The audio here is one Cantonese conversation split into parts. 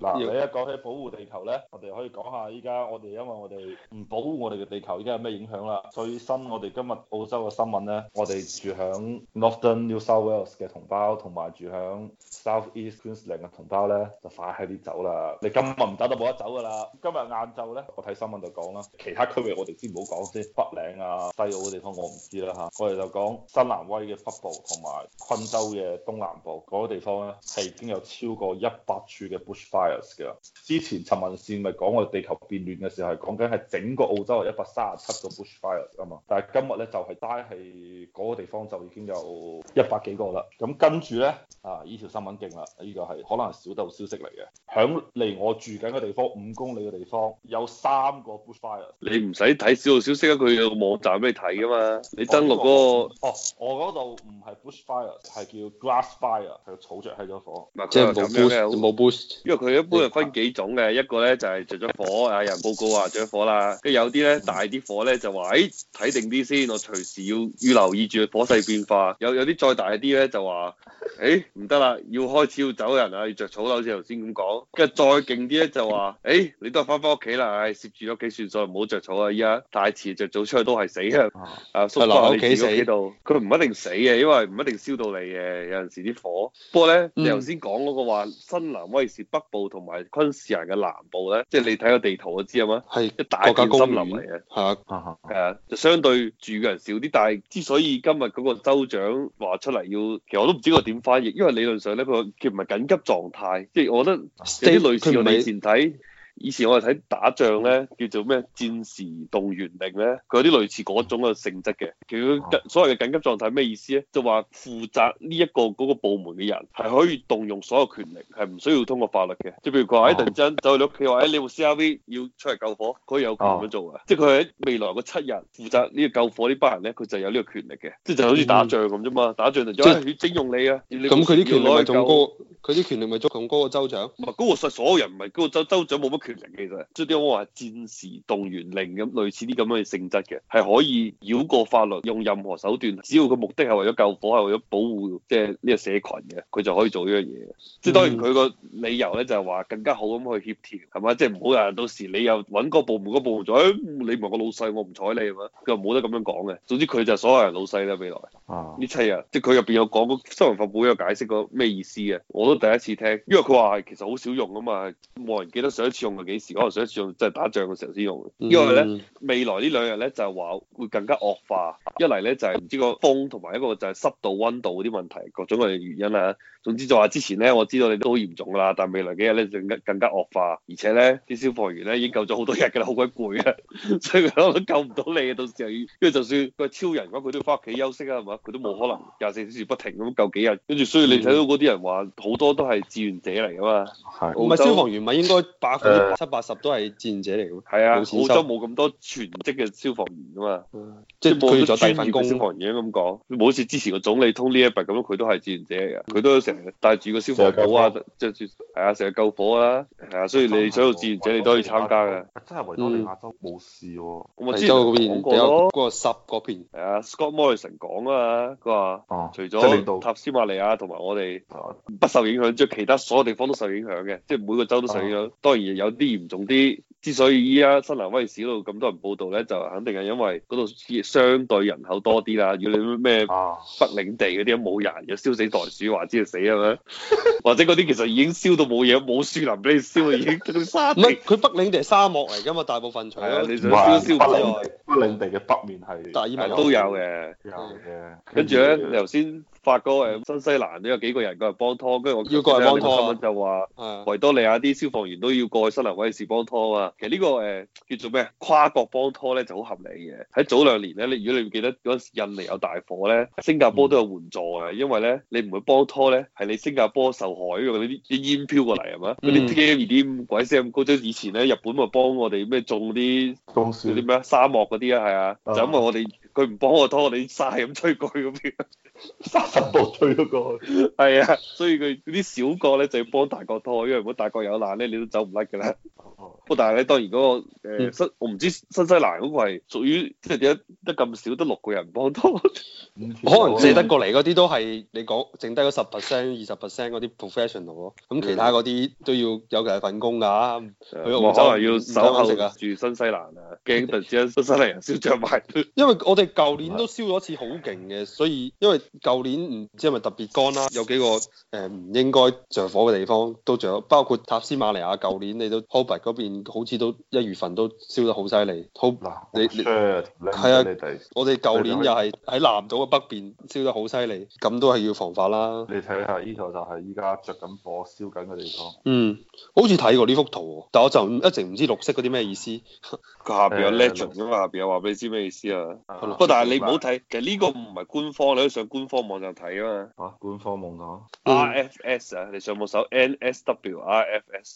嗱，你一講起保護地球咧，我哋可以講下依家我哋因為我哋唔保護我哋嘅地球，依家有咩影響啦？最新我哋今日澳洲嘅新聞咧，我哋住響 Northern New South Wales 嘅同胞同埋住響 South East Queensland 嘅同胞咧，就快啲走啦！你今日唔走都冇得走噶啦！今日晏晝咧，我睇新聞就講啦，其他區域我哋先唔好講，即係，北領啊、西澳嘅地方我唔知啦嚇，我哋就講新南威嘅北部同埋昆州嘅東南部嗰個地方咧，係已經有超過一百處嘅 bushfire 嘅之前陳文倩咪講我哋地球變暖嘅時候係講緊係整個澳洲係一百三十七個 Bushfires 啊嘛，但係今日咧就係齋係嗰個地方就已經有、啊、一百幾個啦，咁跟住咧啊，依條新聞勁啦，呢、呢個係可能係小道消息嚟嘅，響離我住緊嘅地方五公里嘅地方有三個 Bushfire。你唔使睇小道消息啊，佢有個網站俾你睇噶嘛，你登錄嗰、嗰個哦這個。哦，我嗰度唔係 Bushfire，係叫 grass fire，係草着喺咗火。即係冇因為佢。一般係分幾種嘅，一個咧就係着咗火，有人報告話着火啦。跟住有啲咧大啲火咧就話，誒、欸、睇定啲先，我隨時要要留意住火勢變化。有有啲再大啲咧就話，誒唔得啦，要開始要走人啊，要着草樓，好似頭先咁講。跟住再勁啲咧就話，誒、欸、你都係翻返屋企啦，唉、欸，攝住屋企算數，唔好着草啊，依家大遲着早出去都係死嘅。阿、啊啊、叔，的你自己喺度家死，佢唔一定死嘅，因為唔一定燒到你嘅。有陣時啲火，不過咧你頭先講嗰個話、嗯、新南威爾士北部。同埋昆士蘭嘅南部咧，即係你睇個地圖就知係嘛，的一大片森林嚟嘅。係啊，係啊，就相對住嘅人少啲，但係之所以今日嗰個州長話出嚟要，其實我都唔知佢點翻譯，因為理論上咧佢佢唔係緊急狀態，即係我覺得有啲類似嘅米線以前我哋睇打仗咧，叫做咩戰時動員令咧，佢有啲類似嗰種嘅性質嘅。其所謂嘅緊急狀態咩意思咧？就話、是、負責呢一個嗰個部門嘅人係可以動用所有權力，係唔需要通過法律嘅。即譬如佢話，誒突然之間走去你屋企，話誒你部 CRV 要出嚟救火，佢有權咁做嘅。啊、即係佢喺未來嘅七日，負責呢個救火呢班人咧，佢就有呢個權力嘅。即就好似打仗咁啫嘛，打仗突然之間要徵用你啊！咁佢啲權力咪仲高？佢啲權力咪仲高過州長？唔係，嗰、嗰個所有人唔係嗰個州州長冇乜。其實，即啲我話戰時動員令咁，類似啲咁樣嘅性質嘅，係可以繞過法律，用任何手段，只要個目的係為咗救火，係為咗保護，即係呢個社群嘅，佢就可以做呢樣嘢。即係當然佢個理由咧，就係話更加好咁去協調，係嘛？即係唔好有人到時你又揾個部門、嗰個部長、哎，你唔係個老細，我唔睬你係嘛？佢又冇得咁樣講嘅。總之佢就所有人老細啦，未來。呢七日即係佢入邊有講過，新聞發佈會有解釋過咩意思啊。我都第一次聽。因為佢話其實好少用啊嘛，冇人記得上一次用係幾時，可能上一次用即係打仗嘅時候先用。因為咧未來兩呢兩日咧就係、是、話會更加惡化，一嚟咧就係、是、唔知個風同埋一個就係濕度、温度啲問題，各種各樣原因啊。總之就話之前咧我知道你都好嚴重啦，但係未來幾日咧更加更加惡化，而且咧啲消防員咧已經救咗好多日㗎啦，好鬼攰啊， 所以佢救唔到你啊。到時候因為就算個超人佢都要翻屋企休息啊，係嘛？佢都冇可能廿四小時不停咁救幾日，跟住所以你睇到嗰啲人話好多都係志願者嚟噶嘛，唔係消防員咪應該百分之七八十都係志願者嚟嘅。係啊，澳洲冇咁多全職嘅消防員啊嘛，即係冇咗專職消防員咁講，冇好似之前個總理通呢一 o n 咁，佢都係志願者嚟嘅，佢都成日帶住個消防帽啊，即係啊，成日救火啊，係啊，所以你所有志願者你都可以參加嘅，真係維多利亞州冇事喎，我知州嗰邊比較嗰個濕嗰邊，啊，Scott Morrison 講啊。啊！佢話，哦，除咗塔斯馬尼亞同埋我哋不受影響，即係、啊、其他所有地方都受影響嘅，即係每個州都受影響。啊、當然有啲嚴重啲。之所以依家新南威爾士嗰度咁多人報道咧，就肯定係因為嗰度相對人口多啲啦。如果你咩北領地嗰啲冇人，又燒死袋鼠 或者死啊嘛，或者嗰啲其實已經燒到冇嘢，冇樹林俾你燒，已經沙地。唔係佢北領地係沙漠嚟噶嘛，大部分除咗、啊、你想燒，燒北領地嘅外北，北面係達爾文、啊、都有嘅，有嘅。有跟住咧，你頭先。發個誒新西蘭都有幾個人過嚟幫拖，跟住我見到呢個新聞就話維是的 多利亞啲消防員都要過去新南威爾士幫拖啊。其實呢個誒叫做咩？跨國幫拖咧就好合理嘅。喺早兩年咧，你如果你記得嗰陣時印尼有大火咧，新加坡都有援助啊。嗯、因為咧你唔會幫拖咧，係你新加坡受害嘅。你啲煙飄過嚟係嘛？你啲煙啲鬼死咁高，即以前咧日本咪幫我哋咩種啲啲咩沙漠嗰啲啊？係啊，就因為我哋佢唔幫我拖我，我哋沙咁吹過去咁樣。三十部推咗過去，係啊， 所以佢啲小國咧就要幫大國拖，因為如果大國有難咧，你都走唔甩噶啦。不過 但係咧，當然嗰、那個誒新，呃嗯、我唔知新西蘭嗰個係屬於即係點樣得咁少得六個人幫拖，嗯嗯、可能借得過嚟嗰啲都係你講剩低嗰十 percent、二十 percent 嗰啲 professional 咯。咁、嗯、其他嗰啲都要有其他份工噶，嗯、去澳洲要守候啊，住新西蘭啊，驚突然之間新西蘭人燒着埋。 因為我哋舊年都燒咗一次好勁嘅，所以因為、嗯。 舊年唔知係咪特別乾啦，有幾個誒唔應該着火嘅地方都着，咗，包括塔斯馬尼亞。舊年你都 Hobart 嗰邊，好似都一月份都燒得好犀利。好，你係啊，我哋舊、啊、年又係喺南島嘅北邊燒得好犀利，咁都係要防範啦。你睇下呢度就係依家着緊火、燒緊嘅地方。嗯，好似睇過呢幅圖、喔，但我就一直唔知綠色嗰啲咩意思面 cher,。佢下邊有 legend，咁嘛，下邊有話俾你知咩意思啊？不，但係你唔好睇，其實呢個唔係官方，你都上官方網站睇啊嘛，啊，官方網站，RFS 啊，你上網搜 NSWRFS，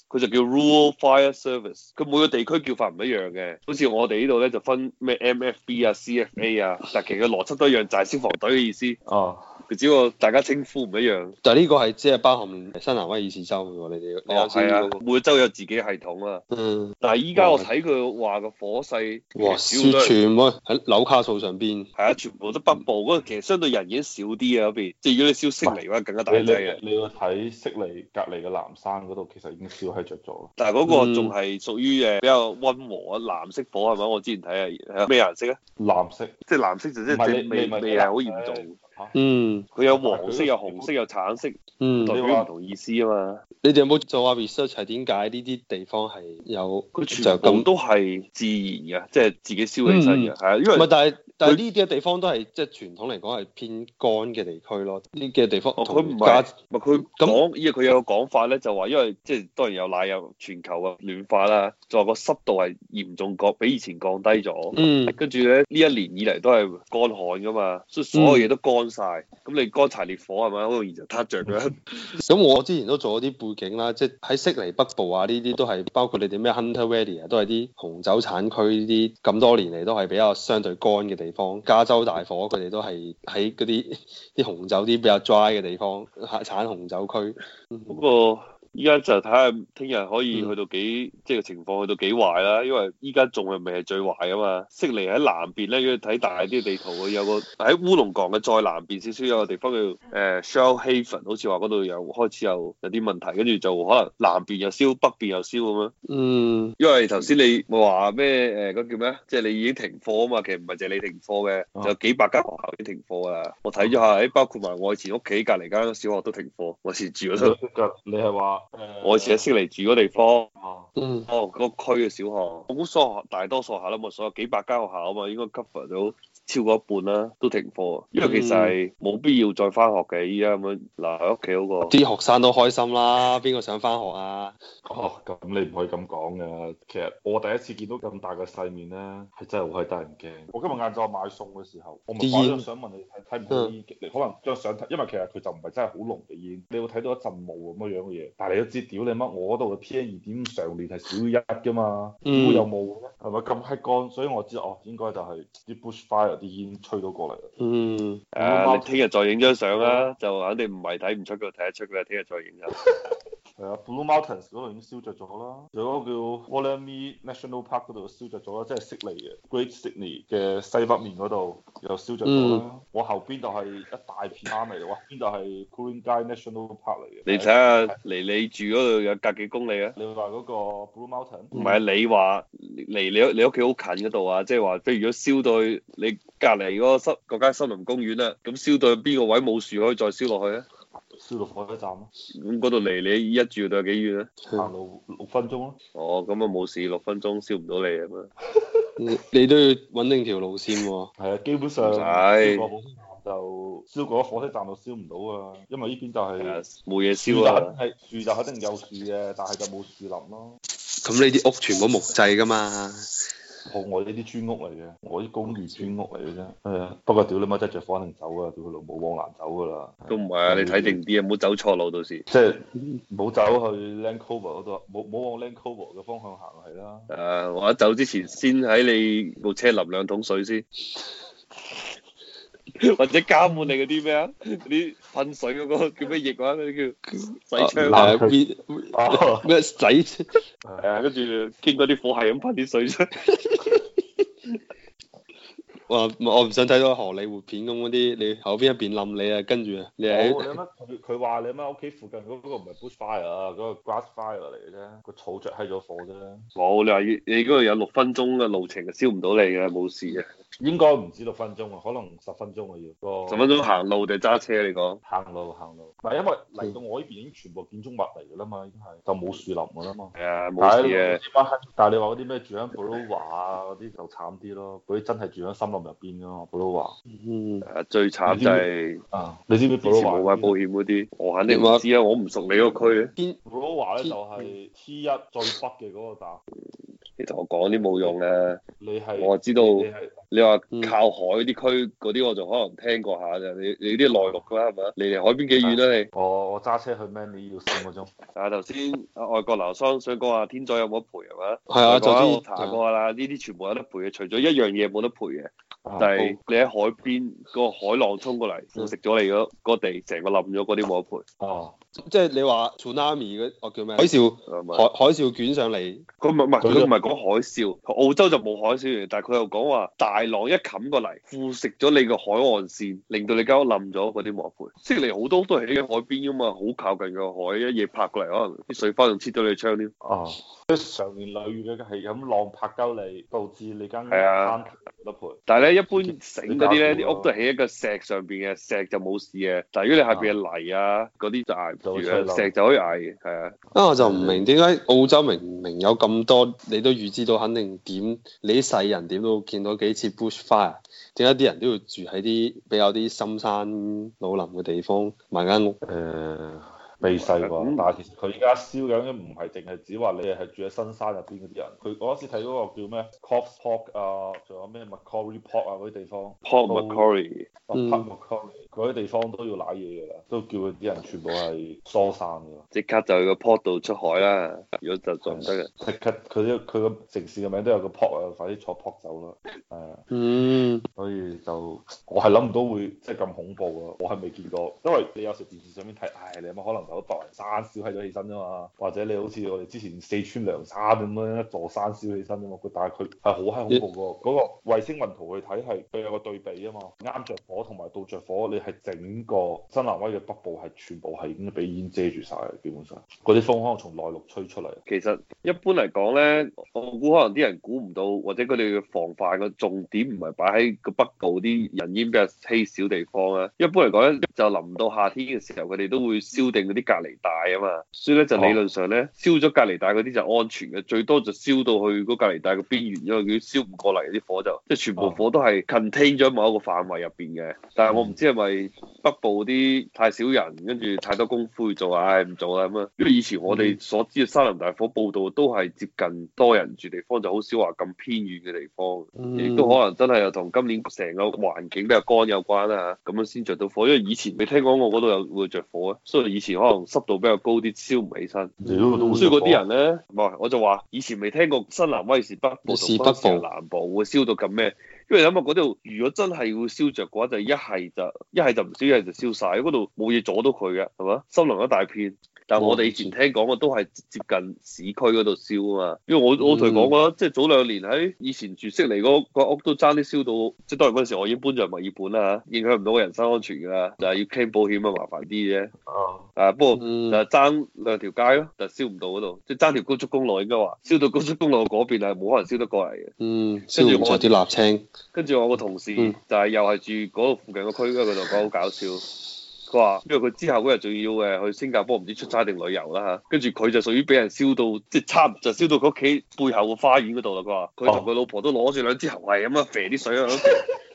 佢就叫 Rural Fire Service，佢每個地區叫法唔一樣嘅，好似我哋呢度咧就分咩 MFB 啊、CFA 啊，但其實邏輯都一樣，就係、是、消防隊嘅意思，哦，佢只不過大家稱呼唔一樣，但係呢個係即係包含新南威爾士州嘅喎，你哋，係、哦那個、啊，每個州有自己嘅系統啊，嗯，但係依家我睇佢話個火勢，哇，全部喺紐卡素上邊，係啊，全部都北部，嗰個其實相對人已經。少啲啊嗰邊，即係如果你燒悉尼嘅話，更加大劑嘅。你你要睇悉尼隔離嘅南山嗰度，其實已經燒係着咗。但係嗰個仲係屬於誒比較温和啊，藍色火係咪？我之前睇啊，咩顏色啊？藍色，即係藍色就即係未未係好嚴重。嗯，佢有黃色、有紅色、有橙色，代表唔同意思啊嘛。你哋有冇做啊 research？點解呢啲地方係有就咁都係自然嘅，即係自己燒起身嘅係啊，因為唔係但係。但係呢啲嘅地方都係即係傳統嚟講係偏乾嘅地區咯，呢嘅地方。佢唔係，唔係佢講，而佢有個講法咧，那就話因為即係當然有奶油全球嘅暖化啦，再個濕度係嚴重過，比以前降低咗。跟住咧，呢一年以嚟都係乾旱噶嘛，所以所有嘢都乾晒。咁、嗯、你乾柴烈火係咪？好容易就焫着嘅。咁 我之前都做咗啲背景啦，即係喺悉尼北部啊，呢啲都係包括你哋咩 Hunter Valley 啊，都係啲紅酒產區呢啲，咁多年嚟都係比較相對乾嘅地，地。放加州大火，佢哋都係喺嗰啲啲紅酒啲比較 dry 嘅地方產紅酒區不過。嗯 依家就睇下聽日可以去到幾，嗯、即係情況去到幾壞啦。因為依家仲係未係最壞啊嘛。悉尼喺南邊咧，要睇大啲地圖，佢有個喺烏龍港嘅再南邊少少有個地方叫誒 Shell Haven，好似話嗰度有開始有有啲問題，跟住就可能南邊又燒，北邊又燒咁樣。嗯。因為頭先你咪話咩誒嗰叫咩？即、呃、係、就是、你已經停課啊嘛。其實唔係淨係你停課嘅，有、啊、幾百間學校已經停課㗎啦。我睇咗下，誒包括埋我以前屋企隔離間小學都停課，我以前住嗰度。就你係話？我以前喺悉尼住嗰地方，嗯，哦，嗰、那個區嘅小學，好數學，大多數下啦，冇所有幾百間學校啊嘛，應該 cover 到。超過一半啦、啊，都停課，因為、嗯、其實係冇必要再返學嘅。依家咁樣嗱喺屋企嗰個，啲學生都開心啦，邊個想返學啊？哦，咁你唔可以咁講㗎。其實我第一次見到咁大嘅世面咧，係真係好閪得人驚。我今日晏晝買餸嘅時候，我啲煙、嗯、想問你睇唔睇到啲？你、嗯、可能張相睇，因為其實佢就唔係真係好濃嘅煙，你會睇到一陣霧咁樣嘅嘢。但係你都知，屌你乜？我嗰度嘅 PM 二點常年係少一㗎嘛，會有霧咩？係咪咁閪乾？所以我知哦，應該就係啲 Bushfire。啲煙吹咗過嚟，嗯，誒，你聽日再影張相啦，就肯定唔係睇唔出，佢睇得出㗎，聽日再影張。 係啊，Blue Mountains 嗰度已經燒着咗啦，仲有個叫 Wollemi National Park 嗰度燒着咗啦，即係悉尼嘅 Great Sydney 嘅西北面嗰度又燒着咗啦，嗯我。我後邊就係一大片山嚟嘅，邊度係 Ku-ring-gai National Park 嚟嘅。你睇下，是離你住嗰度有隔幾公里啊？你話嗰個 Blue Mountain？唔係啊，你話離你你屋企好近嗰度啊，即係話，即如果燒到你隔離嗰個森森，嗰個嗰個，林公園啦，啊，咁燒到邊個位冇樹可以再燒落去啊？燒到火車站咯，啊，咁嗰度離你一住到有幾遠啊？行路六分鐘咯，啊。哦，咁啊冇事，六分鐘燒唔到你， 你啊嘛。你都要穩定條路線喎。係啊，基本上。唔使。燒過火車站就燒過火車站度燒唔到啊，因為呢邊就係冇嘢燒。樹就肯定有樹嘅，但係就冇樹林咯。咁呢啲屋全部木製噶嘛？我呢啲村屋嚟嘅，我啲公寓村屋嚟嘅啫。係啊，不過屌你媽得着火肯定走啊。對佢路冇往南走噶啦。都唔係啊，你睇定啲啊，唔好以走錯路到時即係冇走去 Lane Cove 嗰度，冇冇往 Lane Cove 嘅方向行係啦。誒，我一走之前先喺你部車淋兩桶水先。 或者加滿你嗰啲咩啊？嗰啲噴水嗰個叫咩液話？嗰啲叫洗窗咩洗窗？係啊，跟住見到啲火係咁噴啲水出。我唔想睇到荷里活片咁嗰啲，你後邊一邊冧你啊，跟住你佢佢話你媽屋企附近嗰嗰個唔係 Bushfire 啊，嗰個 Grassfire 嚟嘅啫，個草着喺咗火啫。冇、哦、你話你嗰度有六分鐘嘅路程燒，就燒唔到你嘅，冇事嘅。應該唔止六分鐘啊，可能十分鐘嘅要。十分鐘行路定揸車你講？行路行路，嗱因為嚟到我呢邊已經全部建築物嚟噶啦嘛，已經係就冇樹林噶啦嘛。係啊、冇事嘅、哎。但係你話嗰啲咩住喺 Bulowa 啊嗰啲就慘啲咯，嗰啲真係住喺森林，林。入邊咯，Berowra。嗯。誒，最慘就係，啊，你知唔知？以前冇買保險嗰啲，我肯定唔知啊！我唔熟你嗰區。邊 Berowra 咧就係 T 一最北嘅嗰個站。你同我講啲冇用嘅。你係，我係知道。你係，你話靠海啲區嗰啲，我就可能聽過下啫。你你啲內陸㗎啦，係咪啊？離離海邊幾遠啊？你？我我揸車去咩？你要四個鐘。啊！頭先啊，外國劉桑想講話天災有冇得賠係咪啊？係啊，就啲查過啦。呢啲全部有得賠嘅，除咗一樣嘢冇得賠嘅。但係你喺海邊，嗰個海浪沖過嚟，食咗、嗯、你嗰、嗰個地，成個冧咗，嗰啲冇得賠。啊即係你話 tsunami 嗰個叫咩？海嘯、啊、海海嘯捲上嚟。佢唔係唔係佢唔係講海嘯。澳洲就冇海嘯，但係佢又講話大浪一冚過嚟，腐蝕咗你個海岸線，令到你間屋冧咗嗰啲黃盤。即係你好多都係起喺海邊㗎嘛，好靠近個海，一夜拍過嚟可能啲水花仲切到你窗添。啊！長年累月佢係咁浪拍鳩嚟，導致你間屋冧咗。啊、但係咧，一般醒嗰啲咧，啲屋都係喺一個石上邊嘅，石就冇事嘅。但係如果你下邊係泥啊嗰啲就係。啊.石就可以捱，係啊！啊，我就唔明點解澳洲明明有咁多，你都預知到肯定點。你啲世人點都見到幾次 Bushfire，點解啲人都要住喺啲比較啲深山老林嘅地方買間屋？誒、uh。未試過喎，但係其實佢而家燒緊嘅唔係淨係指話你係住喺新山入邊嗰啲人，佢我嗰時睇嗰個叫咩，Coffs Harbour 啊，仲有咩 Macquarie Port 嗰、啊、啲地方 Port Macquarie，Port Macquarie 嗰啲地方都要瀨嘢嘅啦，都叫佢啲人全部係疏散嘅，即刻就去個 port 度出海啦，如果就就唔得嘅，即刻佢佢個城市嘅名都有個 port 啊，快啲坐 port 走啦。係啊，嗯，所以就我係諗唔到會即係咁恐怖啊，我係未見過，因為你有時電視上面睇，唉，你有冇可能？有白雲山燒起咗起身啫嘛，或者你好似我哋之前四川涼山咁樣一座山燒起身啫嘛，但係佢係好閪恐怖嘅，嗰個衛星雲圖去睇係佢有個對比啊嘛，啱着火同埋到着火，你係整個新南威嘅北部係全部係已經俾煙遮住晒嘅，基本上。嗰啲風可能可從內陸吹出嚟？其實一般嚟講咧，我估可能啲人估唔到，或者佢哋嘅防範嘅重點唔係擺喺個北部啲人煙比較稀少地方啊。一般嚟講咧，就臨到夏天嘅時候，佢哋都會燒定嗰啲隔離帶啊嘛，所以咧就理論上咧、啊、燒咗隔離帶嗰啲就安全嘅，最多就燒到去嗰隔離帶嘅邊緣，因為佢燒唔過嚟啲火就即係、就是、全部火都係 contain 咗某一個範圍入邊嘅。但係我唔知係咪北部啲太少人，跟住太多功夫去做，唉、哎、唔做啦咁啊。因為以前我哋所知嘅山林大火報道都係接近多人住地方，就好少話咁偏遠嘅地方，亦都可能真係又同今年成個環境比較乾有關啦咁樣先着到火。因為以前未聽講過嗰度有會着火啊，所以以前我可能濕度比較高啲，燒唔起身，所以嗰啲人咧，唔係 我就話以前未聽過新南威爾士 北部同威 南部會燒到咁咩？因為諗下嗰度，如果真係會燒着嘅話，就一係就一係就唔燒，一係就燒晒。嗰度冇嘢阻到佢嘅，係嘛？森林一大片。但係我哋以前聽講嘅都係接近市區嗰度燒啊嘛，因為我、嗯、我同你講過，即、就、係、是、早兩年喺、哎、以前住悉尼嗰屋都爭啲燒到，即、就、係、是、當年嗰陣時我已經搬入墨爾本啦嚇、啊，影響唔到我人身安全㗎，就係、是、要傾保險啊麻煩啲啫。啊，啊、嗯、不過就係爭兩條街咯、啊，但係燒唔到嗰度，即係爭條高速公路應該話燒到高速公路嗰邊啊，冇可能燒得過嚟嘅。嗯，跟我燒完咗啲立青。跟住我個同事就係又係住嗰個附近區區、那個區，佢就講好搞笑。佢話：因為佢之後嗰日仲要誒去新加坡，唔知出差定旅遊啦嚇。跟住佢就屬於俾人燒到，即係差唔多就燒到佢屋企背後嘅花園嗰度啦。佢話：佢同佢老婆都攞住兩支喉嚨咁樣，肥啲水啊，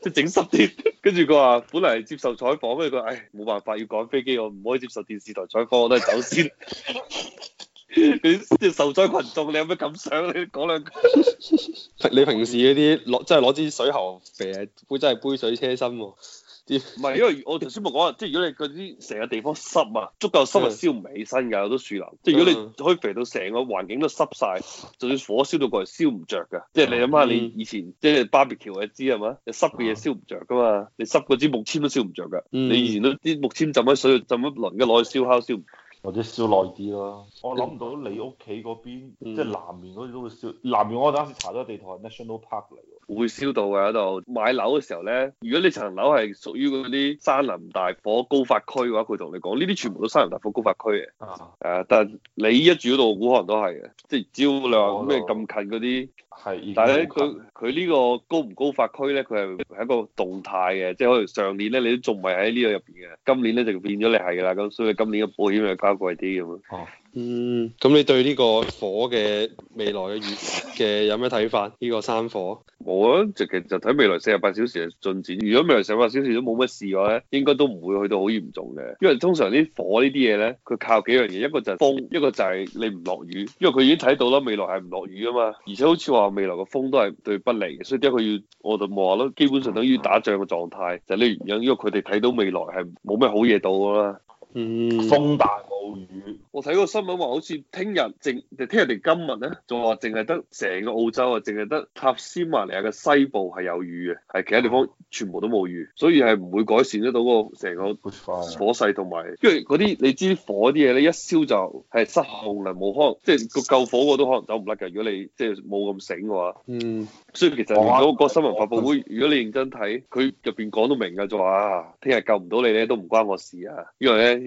即整濕啲。跟住佢話：本嚟接受採訪，跟住佢話唉，冇、哎、辦法要趕飛機，我唔可以接受電視台採訪，我都係走先。 你受災群眾，你有咩感想？你講兩句。 你平時嗰啲攞即係攞支水喉肥啡，真係杯水車薪、啊。唔係， 因為我頭先冇講啊，即係如果你嗰啲成個地方濕啊，足夠濕啊，燒唔起身㗎，好多樹林。即係如果你可以肥到成個環境都濕晒，就算火燒到過嚟燒唔着㗎。即係你諗下，你以前、嗯、即係 BBQ 你知係嘛？你濕嘅嘢燒唔着㗎嘛？你濕個枝木籤都燒唔着㗎。嗯、你以前都啲木籤浸喺水，水浸一輪嘅攞去燒烤燒，或者燒耐啲咯。我諗唔到你屋企嗰邊，嗯、即係南面嗰啲都會燒。南面我嗰陣時查咗地圖，National Park 嚟喎。會燒到嘅喺度買樓嘅時候咧，如果你層樓係屬於嗰啲山林大火高發區嘅話，佢同你講呢啲全部都山林大火高發區嘅，係、啊啊、但係你依家住嗰度，估可能都係嘅，即係只要你話咩咁近嗰啲，係、哦，哦、但係咧佢佢呢、嗯、個高唔高發區咧，佢係係一個動態嘅，即係可能上年咧你都仲未喺呢個入邊嘅，今年咧就變咗你係啦，咁所以今年嘅保險又加貴啲咁樣。哦、啊，嗯，咁你對呢個火嘅未來嘅預嘅有咩睇法？呢、呢個山火？我咧直其就睇未來四十八小時嘅進展。如果未來四十八小時都冇乜事嘅話咧，應該都唔會去到好嚴重嘅。因為通常啲火呢啲嘢咧，佢靠幾樣嘢，一個就係風，一個就係你唔落雨。因為佢已經睇到啦，未來係唔落雨啊嘛。而且好似話未來個風都係對不利嘅，所以點解佢要我就冇話咯？基本上等於打仗嘅狀態，就係呢原因。因為佢哋睇到未來係冇咩好嘢到啦。嗯，風大冇雨。我睇個新聞話，好似聽日淨，聽日。哋今日咧，就話淨係得成個澳洲啊，淨係得塔斯馬尼亞嘅西部係有雨嘅，係其他地方全部都冇雨，所以係唔會改善得到嗰個成個火勢同埋，因為嗰啲你知火啲嘢咧，一燒就係失控啦，冇可能，即係個救火個都可能走唔甩嘅。如果你即係冇咁醒嘅話，嗯，所以其實令到哇個新聞發佈會，如果你認真睇，佢入邊講到明嘅就話，聽日救唔到你咧都唔關我事啊，因為咧。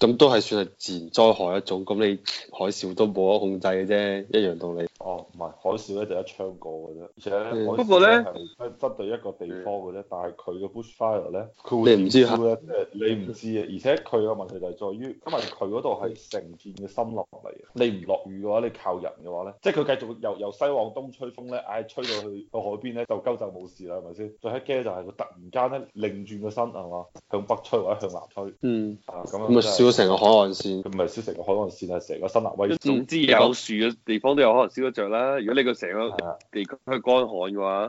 咁都係算係自然災害一種，咁你海嘯都冇得控制嘅啫，一樣道理。哦，唔係海嘯咧就一槍過嘅啫，而且不過咧，針對一個地方嘅啫，mm, 但係佢嘅 bushfire 咧，佢會你唔知嚇、呃？你唔知啊！而且佢嘅問題就係在於，因為佢嗰度係成片嘅森林落嚟嘅，你唔落雨嘅話，你靠人嘅話咧，即係佢繼續由由西往東吹風咧，唉，吹到去到海邊咧就鳩就冇事啦，係咪先？最一驚就係佢突然間咧，擰轉個身係嘛，向北吹或者向南吹。嗯、mm, 啊。咁樣、就是成個海岸線，唔係燒成個海岸線，係成個森林。總之，有樹嘅地方都有可能燒得著啦。如果你個成個地區係乾旱嘅話。